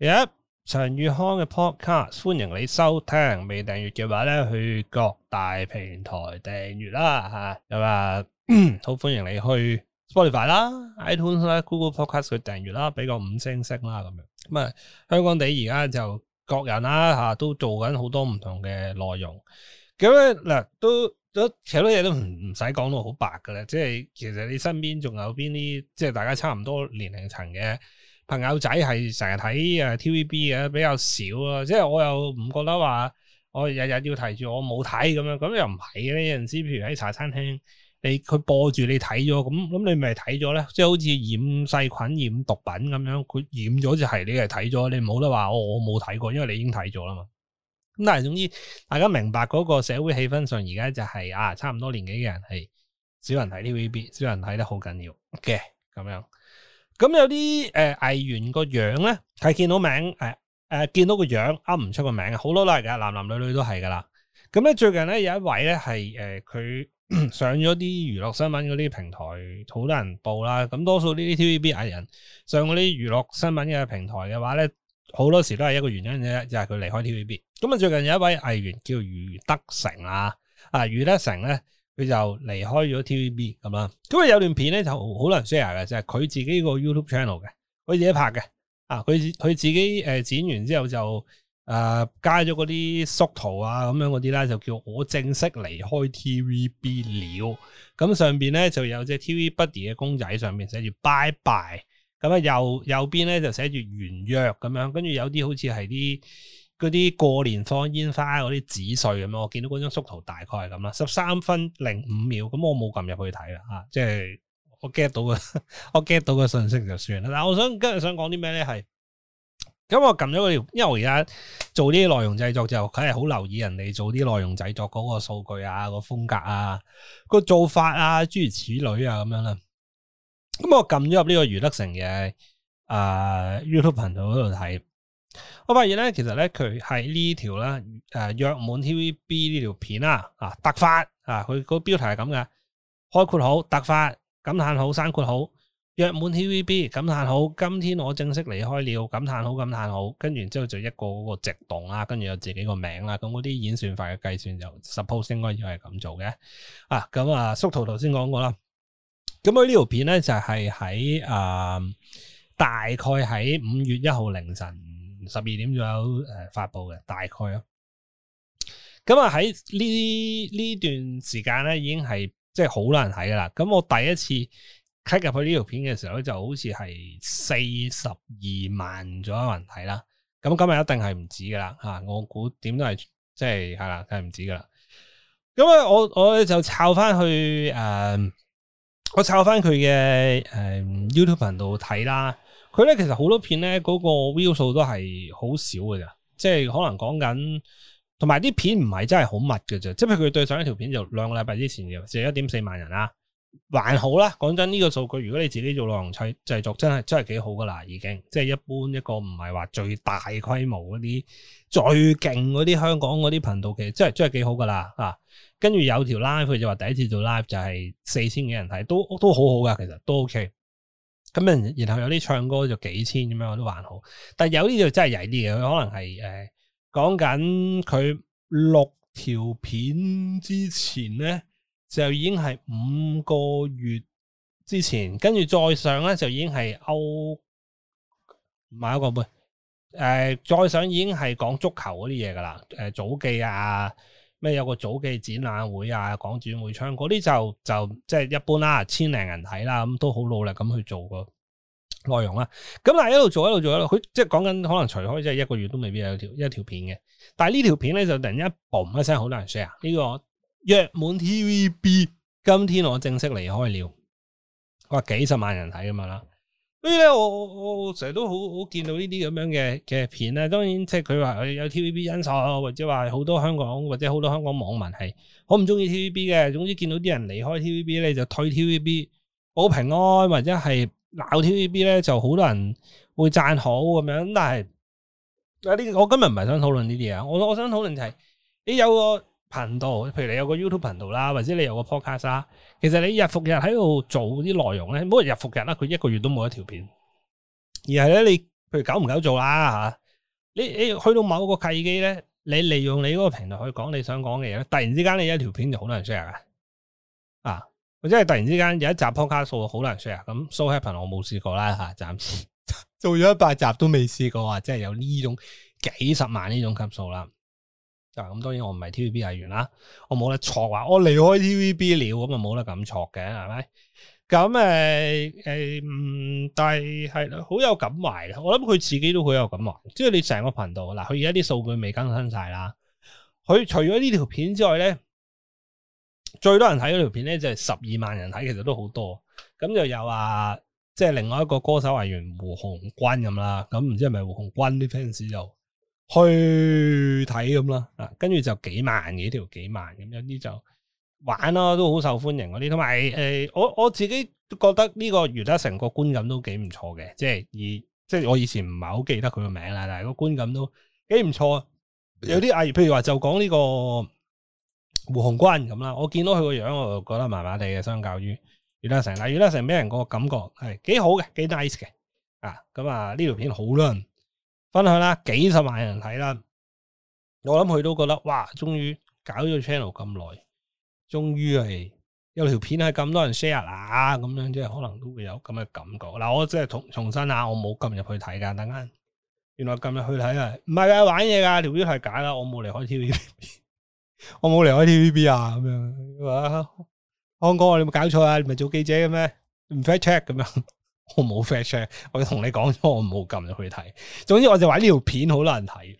第一陳宇康嘅 podcast，歡迎你收聽。未訂閱嘅話呢去各大平台訂閱啦，吓咁啊，好、啊、歡迎你去 Spotify 啦、iTunes 啦、Google Podcast 去訂閱啦，俾個五星星啦，咁樣咁啊，香港地而家就各人啦、啊、吓、啊，都做緊好多唔同嘅內容。咁咧嗱，都都好多嘢都唔唔使講到好白㗎喇，即係其實你身邊仲有邊啲，即係大家差唔多年齡層嘅。朋友仔係成日睇啊 TVB 嘅，比較少啊。即係我又唔覺得話我日日要提住我冇睇咁樣，咁又唔係嘅咧，有陣時，譬如喺茶餐廳，你佢播住你睇咗，咁咁你咪睇咗咧。即係好似染細菌、染毒品咁樣，佢染咗就係你係睇咗，你冇得話我我冇睇過，因為你已經睇咗啦嘛。咁但係總之大家明白嗰個社會氣氛上，而家就係、是、啊差唔多年紀嘅人係少人睇 TVB，少人睇得好緊要嘅咁、OK, 樣。咁有啲誒、呃、藝員個樣咧，係見到名誒誒、呃，見到個樣噏唔出個名好多都係嘅，男男女女都係噶啦。咁咧最近咧有一位咧係誒佢上咗啲娛樂新聞嗰啲平台，好多人報啦。咁多數呢啲 TVB 藝人上嗰啲娛樂新聞嘅平台嘅話咧，好多時都係一個原因嘅，就係、是、佢離開 TVB。咁啊，最近有一位藝員叫余德丞啊，啊余德丞咧。佢就離開咗 TVB 咁啦，咁啊有段片咧就好難 share 嘅，就係佢、就是、自己個 YouTube channel 嘅，佢自己拍嘅，啊佢佢自己誒、呃、剪完之後就誒、呃、加咗嗰啲縮圖啊咁樣嗰啲咧就叫我正式離開 TVB 了，咁上邊咧就有隻 TV Buddy 嘅公仔，上面寫住「拜拜」。e b 咁啊右右邊咧就寫住圓約咁樣，跟住有啲好似係啲。嗰啲過年放煙花嗰啲紙碎咁啊，我見到嗰張縮圖大概係咁啦，十三分零五秒，咁我冇撳入去睇啦，吓、啊，即係我 get 到嘅，我 get 到嘅 信息就算啦。但我想今日想講啲咩咧，係咁我撳咗、個因為我而家做啲內容製作就梗係好留意人哋做啲內容製作嗰個數據啊、個風格啊、個做法啊諸如此類啊咁樣啦。咁我撳咗入呢個余德丞嘅啊 YouTube 頻道嗰度睇。我發現咧，其實咧佢係呢條啦，誒、啊，約滿 TVB 呢條片啦，啊，突發啊，佢嗰標題係咁嘅，開括號，突發，感嘆號，生括號，約滿 TVB，感嘆號，今天我正式離開了，感嘆號，感嘆號，跟住之後就一個嗰個直動啦，跟住有自己個名啦，咁嗰啲演算法嘅計算就 suppose 應該要係咁做嘅，啊，咁啊，叔圖頭先講過啦，咁佢呢條片咧就係喺誒，大概喺五月一號凌晨，十二點左右誒發布嘅大概咯，咁啊喺呢呢段時間咧已經係即係好難睇噶啦。咁我第一次 cut 入去呢條片嘅時候咧，就好似係四十二萬左右人睇啦。咁今日一定係唔止噶啦吓，我估點都係即係係啦，梗係唔止噶啦。咁啊，我我就抄翻去誒。呃我抄翻佢嘅誒 YouTube 頻道睇啦，佢咧其實好多片咧嗰個 view 數都係好少嘅咋，即係可能講緊，同埋啲片唔係真係好密嘅咋，即係佢對上一條片就兩個禮拜之前嘅，就一點四萬人啦。還好啦，講真呢、這個數據，如果你自己做內容製製作，真係真係幾好噶啦，已經即係、就是、一般一個唔係話最大規模嗰啲最勁嗰啲香港嗰啲頻道其實，真係真係幾好噶啦啊！跟住有條 live 佢就話第一次做 live 就係四千幾人睇，都都好好噶，其實都 ok。咁然後有啲唱歌就幾千咁樣，我都還好。但係有啲就真係曳啲嘅，佢可能係誒講緊佢六條片之前咧。就已經係五個月之前，跟住再上咧就已經係歐買一個杯，誒、呃、再上已經係講足球嗰啲嘢噶啦，誒、呃、早記啊咩有個早記展覽會啊，講展會場嗰啲就就即係一般啦，千零人睇啦，咁都好努力咁去做個內容啦。咁但係一路做一路做一路，佢即係講緊可能除開即係一個月都未必有條一條片嘅，但係呢條片咧就突然一嘣一聲好多人 share 呢、這個。約滿 TVB，今天我正式離開了。哇，幾十萬人睇咁樣啦，所以咧，我我我成日都好，好見到呢啲咁樣嘅嘅片咧。當然，即係佢話有 TVB 因素，或者話好多香港或者好多香港網民係好唔中意 TVB 嘅。總之見到啲人離開 TVB 咧，就退 TVB 保平安，或者係鬧 TVB 咧，就好多人會讚好咁樣。但係呢，我今日唔係想討論呢啲嘢。我我想討論就係你有個。頻道，譬如你有個 YouTube 頻道啦，或者你有個 Podcast 啦，其實你日復日喺度做啲內容咧，每日日復日啦，佢一個月都冇一條片。而係咧，你譬如久唔久做啦吓，你你去到某個契機咧，你利用你嗰個平台去講你想講嘅嘢咧，突然之間你有一條片就好多人 share 啊，或者係突然之間有一集 Podcast 數好多人 share，咁 so happen 我冇試過啦吓，暫時 做咗一百集都未試過啊，即係有呢種幾十萬呢種級數啦。咁、啊、當然我唔係 TVB 藝員啦，我冇得錯啊，我離開 TVB 了，咁就冇得咁錯嘅，係咪？咁誒誒，但係好有感懷啦。我諗佢自己都好有感懷啊。即係你成個頻道嗱，佢而家啲數據未更新晒啦。佢除咗呢條片之外咧，最多人睇嗰條片咧就係十二萬人睇，其實都好多。咁又有話、啊，即、就、係、係、另外一個歌手藝員胡鴻鈞咁啦。咁唔知係咪胡鴻鈞啲 fans 就？去睇咁啦，啊，跟住就幾萬嘅條，幾條幾萬咁有啲就玩咯、啊，都好受歡迎嗰啲。同埋誒，我我自己覺得呢個余德丞觀個觀感都幾唔錯嘅，即係以即係我以前唔係好記得佢個名啦，但係個觀感都幾唔錯。有啲阿如，譬如話就講呢個胡鴻鈞咁啦，我見到佢個樣我就覺得麻麻地嘅，相較於余德丞，但、啊、係余德丞俾人個感覺係幾好嘅，幾 nice 嘅，啊咁啊呢條、啊、片好啦。分享啦，幾十萬人睇啦，我諗佢都覺得哇，終於搞咗 channel 咁耐，終於係有條片係咁多人 share 啦，咁樣即係可能都會有咁嘅感覺。嗱，我即係重重新啊，我冇撳入去睇噶，等間原來撳入去睇啊，唔係啊，玩嘢噶條片係假啦，我冇離開 TVB，我冇離開 TVB 啊，咁樣，康哥你有冇搞錯啊，你咪做記者嘅咩？唔 fact check 咁樣。我冇 fetch，我同你講咗，我冇撳入去睇。總之我說這條，就話呢條片好難睇，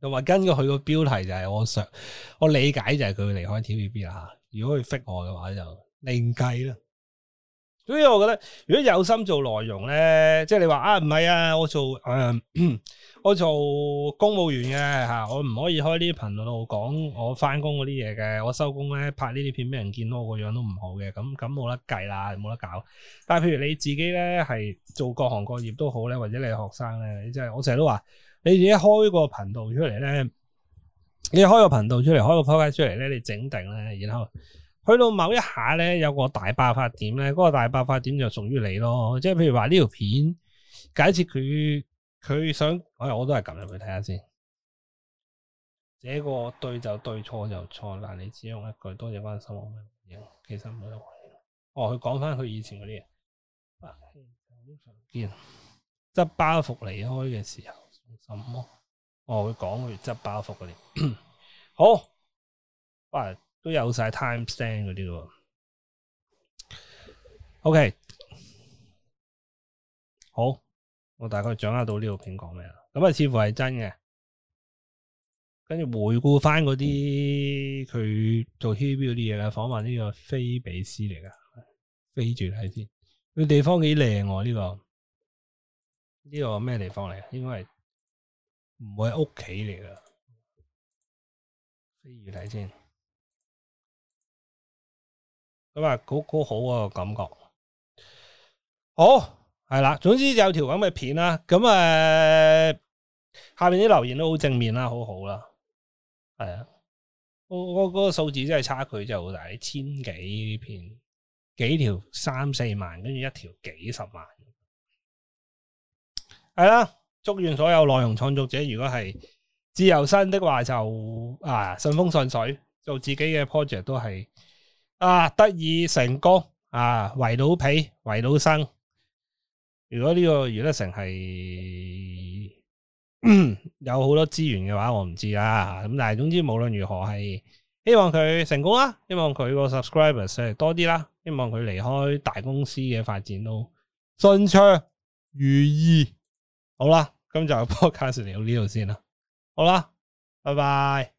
又根跟佢個標題就係我想，我理解就係佢會離開 TVB 啦。如果佢 fit 我嘅話就另計啦。所以我覺得如果有心做內容咧，即係你話啊唔係啊，我做誒、呃、我做公務員嘅吓，我唔可以開呢啲頻道度講我翻工嗰啲嘢嘅，我收工咧拍呢啲片，俾人見到我個樣都唔好嘅，咁咁冇得計啦，冇得搞。但係譬如你自己咧係做各行各業都好咧，或者你係學生咧，即係我成日都話你自己開個頻道出嚟咧，你開個頻道出嚟，開個鋪街出嚟咧，你整定咧，然後。去到某一下咧，有個大爆發點咧，嗰、那個大爆發點就屬於你咯。即係譬如話呢條片假設佢，佢想，哎、我都係撳入去睇下先。這個對就對，錯就錯。但你只用一句，多謝關心其實冇得用。我去講翻佢以前嗰啲嘢。好常、嗯嗯嗯嗯、見，執包袱離開嘅時候，送什麼？我、哦、會講佢執包袱嗰啲。好，翻都有晒 timestamp 嗰啲噶，OK，好，我大概掌握到呢個片講咩啦。咁啊，似乎係真嘅。跟住回顧返嗰啲佢做 h b 嗰啲嘢啦，訪問呢、這個菲比斯嚟噶。飛住睇先，這個地方幾靚喎？呢、這個呢、這個咩地方嚟？應該係唔會係屋企嚟噶？飛住睇先。咁嗰個好啊，嗰個，感覺好係啦。總之就有條咁嘅片啦，咁、啊、誒，下面啲留言都好正面啦，好好啦，係啊。我我嗰個數字真係差距就好大，千幾片，幾條三四萬，跟住一條幾十萬。係啦，祝願所有內容創作者，如果係自由身的話就，就啊順風順水，做自己嘅 project 都係。啊！得以成功啊！為老皮，為老生。如果呢個余德丞係有好多資源嘅話，我唔知啦。咁但係總之無論如何係希望佢成功啦，希望佢個 subscribers 多啲啦，希望佢離開大公司嘅發展都順暢如意。好啦，今集 podcast 嚟到呢度先啦。好啦，拜拜。